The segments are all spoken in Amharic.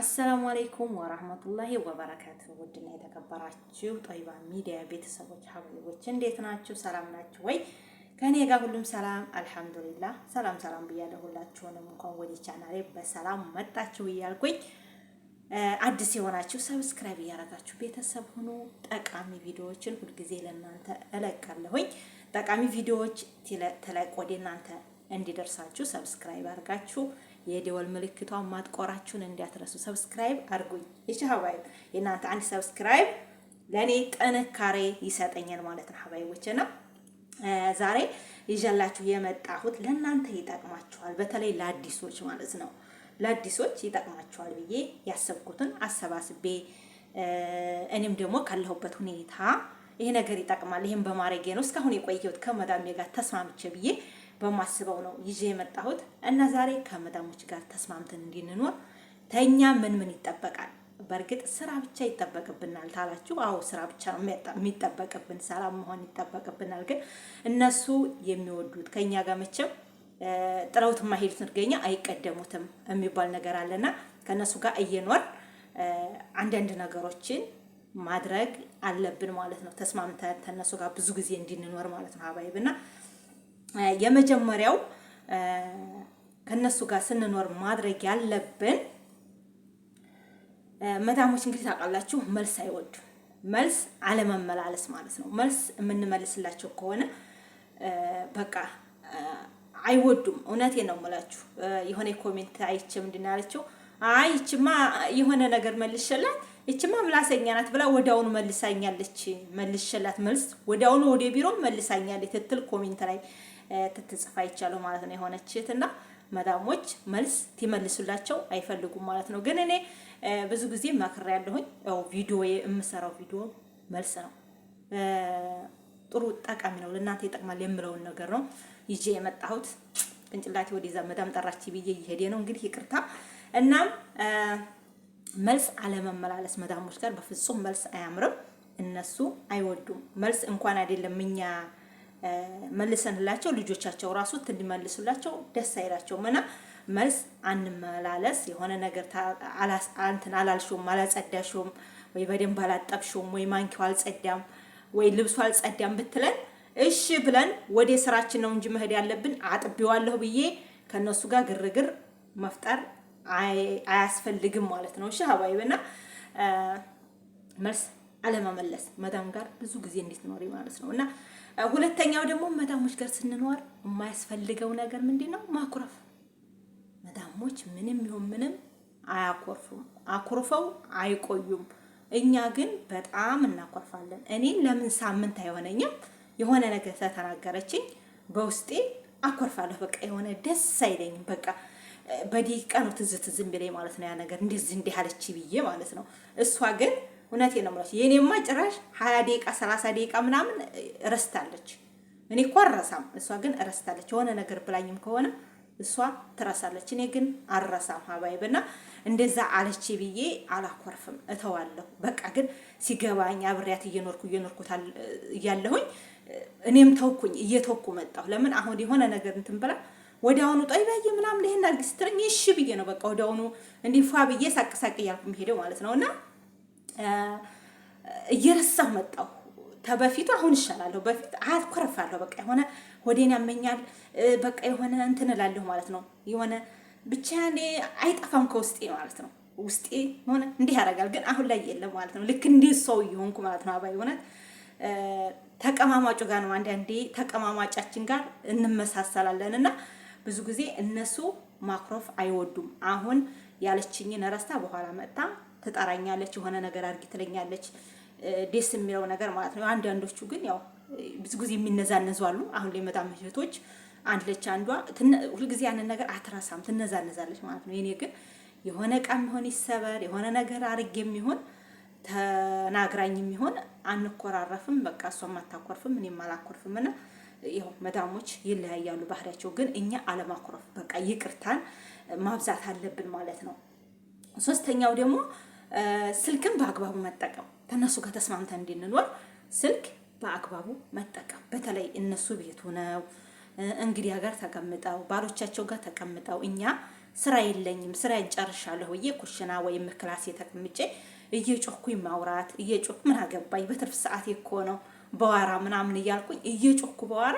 አሰላሙ አሌይኩም ወራህመቱላሂ ወበረካቱ። ውድና የተከበራችሁ ጠይባ ሚዲያ ቤተሰቦች ሀብቦች እንዴት ናችሁ? ሰላም ናችሁ ወይ? ከእኔ ጋር ሁሉም ሰላም አልሐምዱሊላ። ሰላም ሰላም ብያለሁ። ሁላችሁንም እንኳን ወደ ቻናሌ በሰላም መጣችሁ እያልኩኝ አዲስ የሆናችሁ ሰብስክራይብ እያደረጋችሁ ቤተሰብ ሁኑ። ጠቃሚ ቪዲዮዎችን ሁልጊዜ ለእናንተ እለቃለሁኝ። ጠቃሚ ቪዲዮዎች ተለቅ ወደ እናንተ እንዲደርሳችሁ ሰብስክራይብ አድርጋችሁ የደወል ምልክቷን ማጥቆራችሁን እንዳትረሱ። ሰብስክራይብ አድርጉኝ። እሺ ሀባይ የእናንተ አንድ ሰብስክራይብ ለእኔ ጥንካሬ ይሰጠኛል ማለት ነው ሀባይቦቼ ነው። ዛሬ ይዤላችሁ የመጣሁት ለእናንተ ይጠቅማችኋል፣ በተለይ ለአዲሶች ማለት ነው። ለአዲሶች ይጠቅማችኋል ብዬ ያሰብኩትን አሰባስቤ እኔም ደግሞ ካለሁበት ሁኔታ ይሄ ነገር ይጠቅማል፣ ይህም በማድረጌ ነው እስካሁን የቆየሁት ከመዳሜ ጋር ተስማምቼ ብዬ በማስበው ነው ይዤ የመጣሁት እና ዛሬ ከመዳሞች ጋር ተስማምተን እንድንኖር ተኛ ምን ምን ይጠበቃል? በእርግጥ ስራ ብቻ ይጠበቅብናል ታላችሁ፣ አዎ ስራ ብቻ ነው የሚጠበቅብን፣ ሰላም መሆን ይጠበቅብናል። ግን እነሱ የሚወዱት ከኛ ጋር መቼም ጥለውት የማይሄዱት እርገኛ አይቀደሙትም የሚባል ነገር አለና ከእነሱ ጋር እየኖር አንዳንድ ነገሮችን ማድረግ አለብን ማለት ነው። ተስማምተን ከእነሱ ጋር ብዙ ጊዜ እንድንኖር ማለት ነው አባይብና የመጀመሪያው ከነሱ ጋር ስንኖር ማድረግ ያለብን መዳሞች እንግዲህ ታውቃላችሁ፣ መልስ አይወዱም። መልስ አለመመላለስ ማለት ነው። መልስ የምንመልስላቸው ከሆነ በቃ አይወዱም። እውነቴ ነው የምላችሁ። የሆነ ኮሜንት አይቼ ምንድን ነው ያለችው? አይ ይችማ የሆነ ነገር መልሸላት፣ ይችማ ምላሰኛ ናት ብላ ወዲያውኑ መልሳኛለች። መልሸላት መልስ ወዲያውኑ ወደ ቢሮ መልሳኛለች ትትል ኮሜንት ላይ ትትጽፋ ይቻሉ ማለት ነው። የሆነች እህትና መዳሞች መልስ ትመልሱላቸው አይፈልጉም ማለት ነው። ግን እኔ ብዙ ጊዜ መክሬ ያለሁኝ ያው ቪዲዮ የምሰራው ቪዲዮ መልስ ነው። ጥሩ ጠቃሚ ነው፣ ለእናንተ ይጠቅማል የምለውን ነገር ነው ይዤ የመጣሁት። ቅንጭላቴ ወደዛ መዳም ጠራች ብዬ እየሄደ ነው እንግዲህ ይቅርታ። እናም መልስ አለመመላለስ መዳሞች ጋር በፍጹም መልስ አያምርም። እነሱ አይወዱም መልስ እንኳን አይደለም እኛ መልሰንላቸው ልጆቻቸው ራሱ እንዲመልሱላቸው ደስ አይላቸውም እና መልስ አንመላለስ። የሆነ ነገር እንትን አላልሽውም፣ አላጸዳሽውም ወይ በደንብ አላጠብሽውም ወይ ማንኪው አልጸዳም ወይ ልብሱ አልጸዳም ብትለን እሺ ብለን ወደ ስራችን ነው እንጂ መሄድ ያለብን። አጥቢዋለሁ ብዬ ከእነሱ ጋር ግርግር መፍጠር አያስፈልግም ማለት ነው። እሺ ሀባይብና መልስ አለመመለስ መዳም ጋር ብዙ ጊዜ እንዴት ኖሪ ማለት ነው እና ሁለተኛው ደግሞ መዳሞች ጋር ስንኖር የማያስፈልገው ነገር ምንድን ነው? ማኩረፍ። መዳሞች ምንም ይሁን ምንም አያኮርፉም፣ አኩርፈው አይቆዩም። እኛ ግን በጣም እናኮርፋለን። እኔ ለምን ሳምንት አይሆነኝም የሆነ ነገር ተተናገረችኝ በውስጤ አኮርፋለሁ። በቃ የሆነ ደስ አይለኝም። በቃ በደቂቃ ነው ትዝ ትዝ የሚለኝ ማለት ነው ያ ነገር እንደዚህ እንዲህ አለች ብዬ ማለት ነው። እሷ ግን እውነቴ ነው የምለው። የኔማ ጭራሽ ሀያ ደቂቃ ሰላሳ ደቂቃ ምናምን እረስታለች። እኔ እኮ አረሳም፣ እሷ ግን እረስታለች። የሆነ ነገር ብላኝም ከሆነ እሷ ትረሳለች፣ እኔ ግን አረሳም። ሀባይብ እና እንደዛ አለች ብዬ አላኮርፍም፣ እተዋለሁ። በቃ ግን ሲገባኝ አብሬያት እየኖርኩ እየኖርኩ እያለሁኝ እኔም ተውኩኝ፣ እየተውኩ መጣሁ። ለምን አሁን የሆነ ነገር እንትን ብላ ወዲያውኑ ጠይባዬ ምናምን ይሄን አድርጊ ስትለኝ እሺ ብዬ ነው በቃ ወዲያውኑ እንዲህ ፏ ብዬ ሳቅሳቅ እያልኩ የሚሄደው ማለት ነው እና እየረሳሁ መጣሁ። ከበፊቱ አሁን ይሻላለሁ። በፊት አኮረፋለሁ። በቃ የሆነ ወዴን ያመኛል። በቃ የሆነ እንትን እላለሁ ማለት ነው። የሆነ ብቻ አይጠፋም ከውስጤ ማለት ነው። ውስጤ ሆነ እንዲህ ያደርጋል፣ ግን አሁን ላይ የለም ማለት ነው። ልክ እንዲህ ሰው እየሆንኩ ማለት ነው። አባይ እውነት ተቀማማጩ ጋር ነው። አንዳንዴ ተቀማማጫችን ጋር እንመሳሰላለን እና ብዙ ጊዜ እነሱ ማኩረፍ አይወዱም። አሁን ያለችኝን ረስታ በኋላ መጣ ትጠራኛለች፣ የሆነ ነገር አድርጊ ትለኛለች። ደስ የሚለው ነገር ማለት ነው። አንዳንዶቹ ግን ያው ብዙ ጊዜ የሚነዛነዙ አሉ። አሁን ላይ በጣም እህቶች አለች አንዷ ሁልጊዜ ያንን ነገር አትረሳም፣ ትነዛነዛለች ማለት ነው። የኔ ግን የሆነ ዕቃ የሚሆን ይሰበር የሆነ ነገር አርግ የሚሆን ተናግራኝ የሚሆን አንኮራረፍም። በቃ እሷም አታኮርፍም፣ እኔም አላኮርፍም። ና ይኸው መዳሞች ይለያያሉ ባህሪያቸው። ግን እኛ አለማኮረፍ በቃ ይቅርታን ማብዛት አለብን ማለት ነው። ሶስተኛው ደግሞ ስልክን በአግባቡ መጠቀም ከእነሱ ጋር ተስማምተን እንድንኖር ስልክ በአግባቡ መጠቀም በተለይ እነሱ ቤቱ ነው እንግዲያ ጋር ተቀምጠው ባሎቻቸው ጋር ተቀምጠው እኛ ስራ የለኝም ስራ እንጨርሻለሁ ብዬ ኩሽና ወይም ክላሴ ተቀምጬ እየጮኩኝ ማውራት እየጮኩ ምን አገባኝ በትርፍ ሰዓት እኮ ነው በዋራ ምናምን እያልኩኝ እየጮኩ በዋራ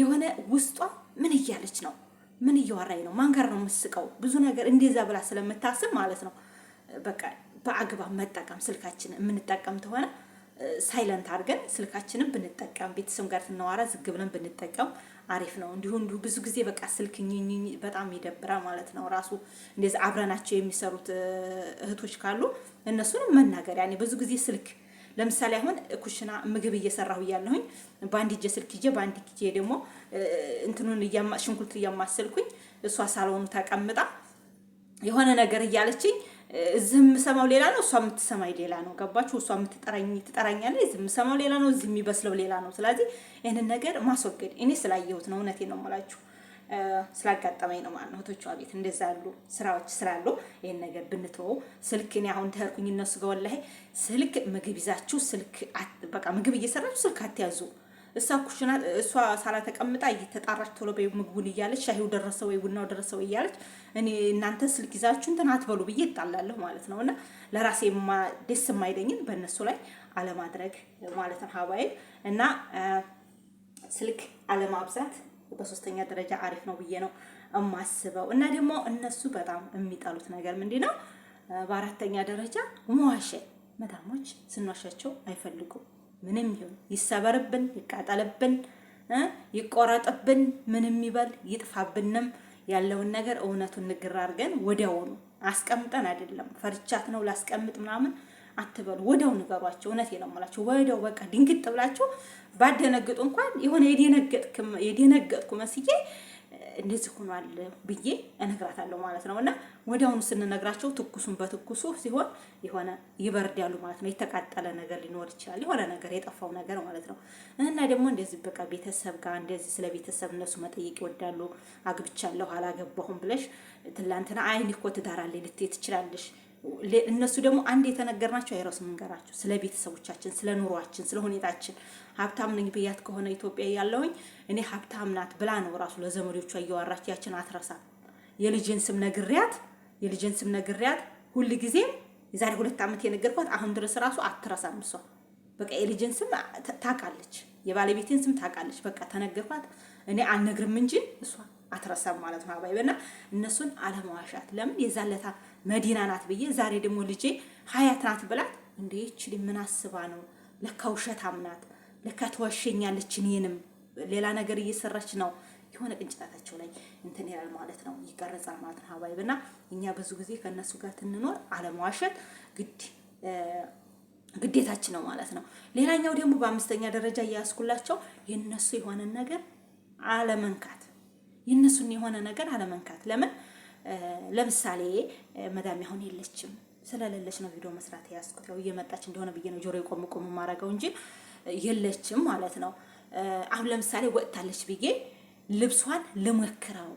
የሆነ ውስጧ ምን እያለች ነው ምን እያወራኝ ነው ማን ጋር ነው የምስቀው ብዙ ነገር እንደዛ ብላ ስለምታስብ ማለት ነው በቃ በአግባብ መጠቀም ስልካችን የምንጠቀም ተሆነ ሳይለንት አድርገን ስልካችንን ብንጠቀም ቤተሰብ ጋር ስናወራ ዝግ ብለን ብንጠቀም አሪፍ ነው። እንዲሁ እንዲሁ ብዙ ጊዜ በቃ ስልክ ኝኝኝ በጣም ይደብራ ማለት ነው። ራሱ እንደዚህ አብረናቸው የሚሰሩት እህቶች ካሉ እነሱንም መናገር ያኔ ብዙ ጊዜ ስልክ ለምሳሌ አሁን ኩሽና ምግብ እየሰራሁ እያለሁኝ በአንድ እጄ ስልክ ይዤ በአንድ ጊዜ ደግሞ እንትኑን ሽንኩርት እያማሰልኩኝ እሷ ሳልሆኑ ተቀምጣ የሆነ ነገር እያለችኝ እዚህ የምሰማው ሌላ ነው፣ እሷ የምትሰማኝ ሌላ ነው። ገባችሁ? እሷ የምትጠራኝ ትጠራኛለች፣ እዚህ የምሰማው ሌላ ነው፣ እዚህ የሚበስለው ሌላ ነው። ስለዚህ ይህንን ነገር ማስወገድ እኔ ስላየሁት ነው። እውነቴን ነው የምላችሁ ስላጋጠመኝ ነው ማለት ነው። እህቶቿ ቤት እንደዛ ያሉ ስራዎች ስላሉ ይህን ነገር ብንተወው ስልክ እኔ አሁን ተርኩኝ እነሱ ጋር ወላሂ ስልክ ምግብ ይዛችሁ ስልክ በቃ ምግብ እየሰራችሁ ስልክ አትያዙ። እሷ ኩሽና እሷ ሳላ ተቀምጣ እየተጣራች ቶሎ በይ ምግቡን እያለች ሻሂው ደረሰ ወይ ቡናው ደረሰ ወይ እያለች እኔ እናንተ ስልክ ይዛችሁ እንትን አትበሉ ብዬ እጣላለሁ ማለት ነው። እና ለራሴ ደስ የማይደኝን በእነሱ ላይ አለማድረግ ማለት ነው። ሀባይል እና ስልክ አለማብዛት በሶስተኛ ደረጃ አሪፍ ነው ብዬ ነው የማስበው። እና ደግሞ እነሱ በጣም የሚጠሉት ነገር ምንድን ነው? በአራተኛ ደረጃ መዋሸ መዳሞች ስንዋሻቸው አይፈልጉም። ምንም ይሁን ይሰበርብን፣ ይቃጠልብን፣ ይቆረጥብን፣ ምንም ይበል ይጥፋብንም ያለውን ነገር እውነቱን ንግር አድርገን ወዲያውኑ አስቀምጠን አይደለም ፈርቻት ነው ላስቀምጥ ምናምን አትበሉ። ወዲያው ንገሯቸው። እውነቴን ነው የምላቸው። ወዲያው በቃ ድንግጥ ብላችሁ ባደነግጡ እንኳን የሆነ የደነገጥኩ መስዬ እንደዚህ ሆኗል ብዬ እነግራታለሁ ማለት ነው። እና ወዲያውኑ ስንነግራቸው ትኩሱን በትኩሱ ሲሆን የሆነ ይበርዳሉ ማለት ነው። የተቃጠለ ነገር ሊኖር ይችላል፣ የሆነ ነገር የጠፋው ነገር ማለት ነው። እና ደግሞ እንደዚህ በቃ ቤተሰብ ጋር እንደዚህ ስለ ቤተሰብ እነሱ መጠየቅ ይወዳሉ። አግብቻለሁ አላገባሁም ብለሽ ትላንትና አይን እኮ ትዳር አለኝ ልትይ ትችላለሽ እነሱ ደግሞ አንድ የተነገርናቸው አይረሱ መንገራቸው ስለ ቤተሰቦቻችን፣ ስለ ኑሯችን፣ ስለ ሁኔታችን ሀብታም ነኝ ብያት ከሆነ ኢትዮጵያ ያለውኝ እኔ ሀብታም ናት ብላ ነው ራሱ ለዘመዶቿ እያወራች ያችን አትረሳ። የልጅን ስም ነግሪያት፣ የልጅን ስም ነግሪያት ሁል ጊዜም የዛሬ ሁለት ዓመት የነገርኳት አሁን ድረስ ራሱ አትረሳም። እሷ በቃ የልጅን ስም ታውቃለች፣ የባለቤቴን ስም ታውቃለች። በቃ ተነገርኳት እኔ አልነግርም እንጂ እሷ አትረሳም ማለት ነው። አባይ በና እነሱን አለመዋሻት። ለምን የዛለታ መዲና ናት ብዬ ዛሬ ደግሞ ልጄ ሀያት ናት ብላት እንዴ ችል ምን አስባ ነው? ለካ ውሸታም ናት፣ ለካ ትዋሸኛለች፣ እኔንም ሌላ ነገር እየሰራች ነው። የሆነ ቅንጭላታቸው ላይ እንትን ይላል ማለት ነው፣ ይቀረጻል ማለት ነው። አባይ በና እኛ ብዙ ጊዜ ከእነሱ ጋር ትንኖር አለመዋሸት ግድ ግዴታችን ነው ማለት ነው። ሌላኛው ደግሞ በአምስተኛ ደረጃ እያያዝኩላቸው የእነሱ የሆነን ነገር አለመንካት የእነሱን የሆነ ነገር አለመንካት። ለምን ለምሳሌ መዳም ያሁን የለችም ስለሌለች ነው ቪዲዮ መስራት ያስኩት። ያው እየመጣች እንደሆነ ብዬ ነው ጆሮ የቆም ቆም ማረገው እንጂ የለችም ማለት ነው። አሁን ለምሳሌ ወጥታለች ብዬ ልብሷን ልሞክረው፣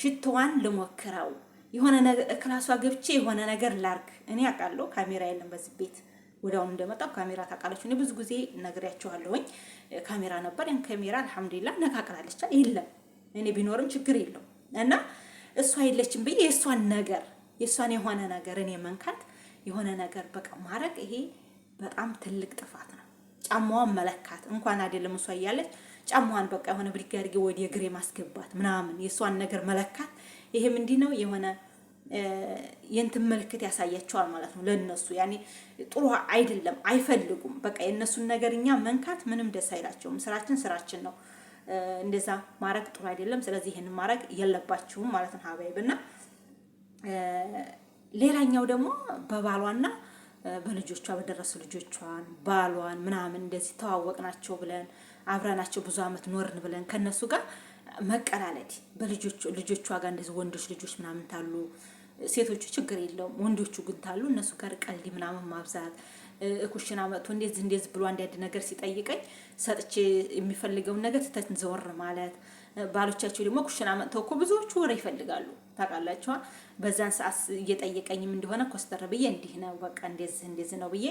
ሽቶዋን ልሞክረው፣ የሆነ ክላሷ ገብቼ የሆነ ነገር ላርግ። እኔ አውቃለሁ ካሜራ የለም በዚህ ቤት ወዲያውኑ እንደመጣው ካሜራ ታውቃለች። እኔ ብዙ ጊዜ ነግሬያችኋለሁኝ። ካሜራ ነበር ያን ካሜራ አልሐምዱሊላ ነካቅላለች የለም እኔ ቢኖርም ችግር የለው እና እሷ የለችም ብዬ የእሷን ነገር የእሷን የሆነ ነገር እኔ መንካት የሆነ ነገር በቃ ማድረግ ይሄ በጣም ትልቅ ጥፋት ነው። ጫማዋን መለካት እንኳን አይደለም እሷ እያለች ጫማዋን በቃ የሆነ ብድግ አድርጌ ወደ እግሬ ማስገባት ምናምን የእሷን ነገር መለካት ይሄ ምንድን ነው የሆነ የእንትን ምልክት ያሳያቸዋል ማለት ነው። ለእነሱ ያኔ ጥሩ አይደለም፣ አይፈልጉም። በቃ የእነሱን ነገር እኛ መንካት ምንም ደስ አይላቸውም። ስራችን ስራችን ነው። እንደዛ ማድረግ ጥሩ አይደለም። ስለዚህ ይህንን ማድረግ የለባችሁም ማለት ነው ሀባይብ እና ሌላኛው ደግሞ በባሏና በልጆቿ በደረሱ ልጆቿን ባሏን ምናምን እንደዚህ ተዋወቅናቸው ብለን አብረናቸው ብዙ አመት ኖርን ብለን ከነሱ ጋር መቀላለድ ልጆቿ ጋር እንደዚህ ወንዶች ልጆች ምናምን ታሉ፣ ሴቶቹ ችግር የለውም። ወንዶቹ ግን ታሉ እነሱ ጋር ቀልድ ምናምን ማብዛት ኩሽና መጥቶ እንደዚህ እንደዚህ ብሎ አንዳንድ ነገር ሲጠይቀኝ ሰጥቼ የሚፈልገውን ነገር ትተን ዘወር ማለት። ባሎቻቸው ደግሞ ኩሽና መጥተው እኮ ብዙዎቹ ወሬ ይፈልጋሉ ታውቃላችኋ። በዛን ሰዓት እየጠየቀኝም እንደሆነ ኮስተር ብዬ እንዲህ ነው በቃ እንደዚህ እንደዚህ ነው ብዬ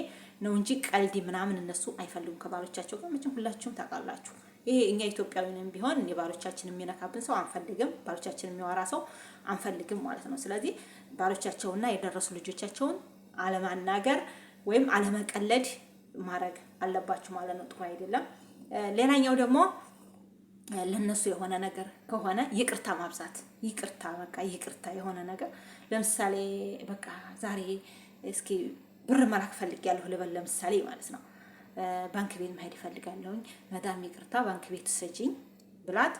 ነው እንጂ ቀልድ ምናምን እነሱ አይፈልጉም ከባሎቻቸው ጋር መቼም ሁላችሁም ታውቃላችሁ። ይሄ እኛ ኢትዮጵያዊንም ቢሆን የባሎቻችን ባሎቻችን የሚነካብን ሰው አንፈልግም፣ ባሎቻችን የሚያወራ ሰው አንፈልግም ማለት ነው። ስለዚህ ባሎቻቸውና የደረሱ ልጆቻቸውን አለማናገር ወይም አለመቀለድ ማድረግ አለባችሁ ማለት ነው። ጥሩ አይደለም። ሌላኛው ደግሞ ለነሱ የሆነ ነገር ከሆነ ይቅርታ ማብዛት፣ ይቅርታ በቃ ይቅርታ የሆነ ነገር ለምሳሌ በቃ ዛሬ እስኪ ብር መላክ ፈልጌያለሁ ልበል ለምሳሌ ማለት ነው። ባንክ ቤት መሄድ እፈልጋለሁኝ መዳም ይቅርታ ባንክ ቤት ሰጂኝ ብላት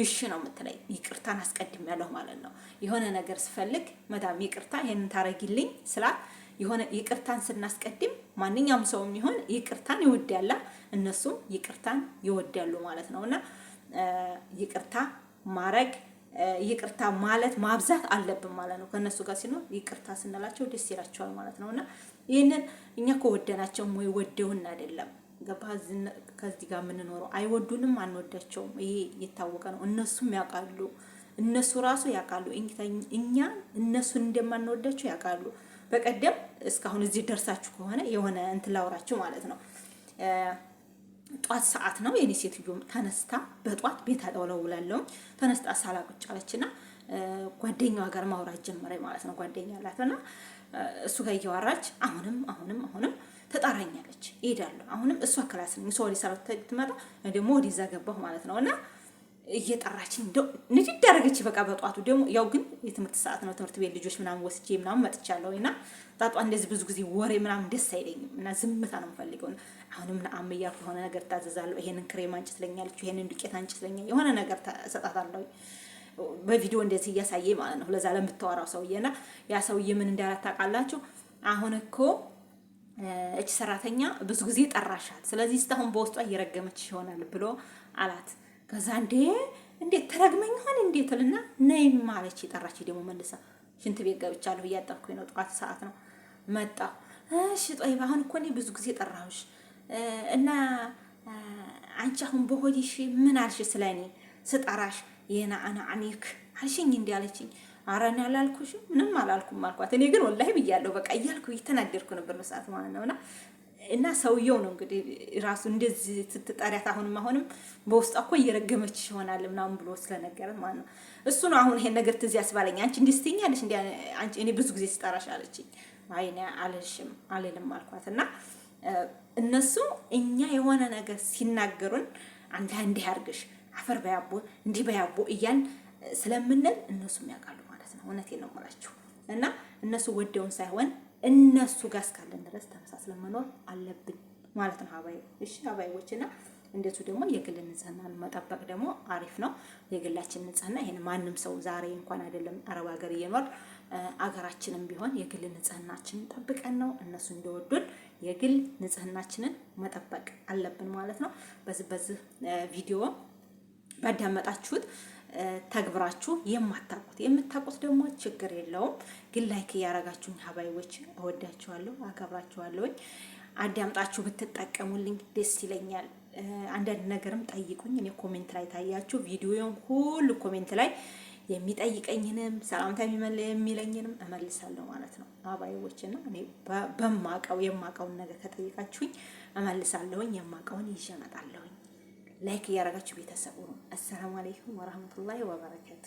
እሺ ነው የምትለኝ። ይቅርታን አስቀድሜያለሁ ማለት ነው። የሆነ ነገር ስፈልግ መዳም ይቅርታ ይህንን ታረጊልኝ ስላት የሆነ ይቅርታን ስናስቀድም ማንኛውም ሰውም ይሆን ይቅርታን ይወዳላ፣ እነሱም ይቅርታን ይወዳሉ ማለት ነው። እና ይቅርታ ማረግ ይቅርታ ማለት ማብዛት አለብን ማለት ነው። ከእነሱ ጋር ሲኖር ይቅርታ ስንላቸው ደስ ይላቸዋል ማለት ነው። እና ይህንን እኛ ከወደናቸው ወይ ወደውን አይደለም ገባ ከዚህ ጋር የምንኖረው አይወዱንም፣ አንወዳቸውም። ይሄ የታወቀ ነው። እነሱም ያውቃሉ፣ እነሱ ራሱ ያውቃሉ። እኛ እነሱን እንደማንወዳቸው ያውቃሉ። በቀደም እስካሁን እዚህ ደርሳችሁ ከሆነ የሆነ እንትን ላውራችሁ ማለት ነው። ጧት ሰዓት ነው። የኔ ሴትዮ ተነስታ በጧት ቤት አጠውለውላለሁ ተነስታ ሳላ ቁጭ አለችና ጓደኛዋ ጋር ማውራት ጀመረኝ ማለት ነው። ጓደኛ አላትና እሱ ጋር እያወራች አሁንም አሁንም አሁንም ተጣራኛለች። እሄዳለሁ አሁንም እሷ ክላስ ነው ሰው ሰራ ትመጣ ደግሞ ወደዛ ገባሁ ማለት ነው እና እየጠራችን ንድድ ያደረገች በቃ በጧቱ ደግሞ ያው ግን የትምህርት ሰዓት ነው። ትምህርት ቤት ልጆች ምናምን ወስጄ ምናምን መጥቻለሁ እና ጣጧ እንደዚህ ብዙ ጊዜ ወሬ ምናምን ደስ አይለኝም እና ዝምታ ነው የምፈልገው። አሁንም አም እያልኩ የሆነ ነገር ታዘዛለሁ። ይሄንን ክሬም አንጭ ትለኛለች፣ ይሄንን ዱቄት አንጭ ትለኛለች፣ የሆነ ነገር እሰጣታለሁ። በቪዲዮ እንደዚህ እያሳየ ማለት ነው ለዛ ለምታወራው ሰውዬ እና ያ ሰውዬ ምን እንዳላት ታውቃላችሁ? አሁን እኮ እች ሰራተኛ ብዙ ጊዜ ጠራሻል፣ ስለዚህ እስካሁን በውስጧ እየረገመች ይሆናል ብሎ አላት። ከዛ እንዴ እንዴት ተረግመኛል እንዴት ልና ነይም አለች። የጠራች ደግሞ መልሳ ሽንት ቤት ገብቻለሁ እያጠብኩኝ ነው፣ ጠዋት ሰዓት ነው መጣ። እሺ ጦይባ፣ አሁን እኮ እኔ ብዙ ጊዜ ጠራሁሽ እና አንቺ አሁን በሆዲሽ ምን አልሽ? ስለ እኔ ስጠራሽ አና አኒክ አልሽኝ እንዲ አለችኝ። አረን ያላልኩሽ ምንም አላልኩም አልኳት። እኔ ግን ወላሂ ብያለሁ በቃ እያልኩ እየተናደድኩ ነበር መሰዓት ማለት ነውና እና ሰውየው ነው እንግዲህ ራሱ እንደዚህ ስትጠሪያት አሁንም አሁንም በውስጥ እኮ እየረገመች ይሆናል ምናምን ብሎ ስለነገረን ማለት ነው። እሱ ነው አሁን ይሄን ነገር ትዝ ያስባለኝ። አንቺ እንዲህ ስትይኛለሽ አንቺ እኔ ብዙ ጊዜ ስጠራሽ አለችኝ። አይ እኔ አልልሽም አልልም አልኳት። እና እነሱ እኛ የሆነ ነገር ሲናገሩን አንዳ እንዲህ አድርግሽ አፈር በያቦ እንዲህ በያቦ እያል ስለምንል እነሱም ያውቃሉ ማለት ነው። እውነቴን ነው የምላችሁ እና እነሱ ወደውን ሳይሆን እነሱ ጋር እስካለን ድረስ ተመሳስለን መኖር አለብን ማለት ነው። አባይ እሺ፣ አባይዎች እና እንደሱ ደግሞ የግል ንጽህናን መጠበቅ ደግሞ አሪፍ ነው። የግላችን ንጽህና ይሄን ማንም ሰው ዛሬ እንኳን አይደለም አረብ ሀገር እየኖር አገራችንም ቢሆን የግል ንጽህናችንን ጠብቀን ነው እነሱ እንዲወዱን የግል ንጽህናችንን መጠበቅ አለብን ማለት ነው። በዚህ በዚህ ቪዲዮ ባዳመጣችሁት ተግብራችሁ የማታውቁት የምታውቁት ደግሞ ችግር የለውም። ግን ላይክ እያረጋችሁኝ ሀባይዎች እወዳችኋለሁ፣ አከብራችኋለሁ። አዳምጣችሁ ብትጠቀሙልኝ ደስ ይለኛል። አንዳንድ ነገርም ጠይቁኝ። እኔ ኮሜንት ላይ ታያችሁ ቪዲዮውን ሁሉ ኮሜንት ላይ የሚጠይቀኝንም ሰላምታ የሚለኝንም እመልሳለሁ ማለት ነው አባይዎች ና እኔ በማቀው የማቀውን ነገር ከጠይቃችሁኝ እመልሳለሁኝ። የማቀውን ይዤ እመጣለሁኝ። ላይክ እያደረጋችሁ ቤተሰቡ ነው። አሰላሙ አለይኩም ወረህመቱላሂ ወበረካቱ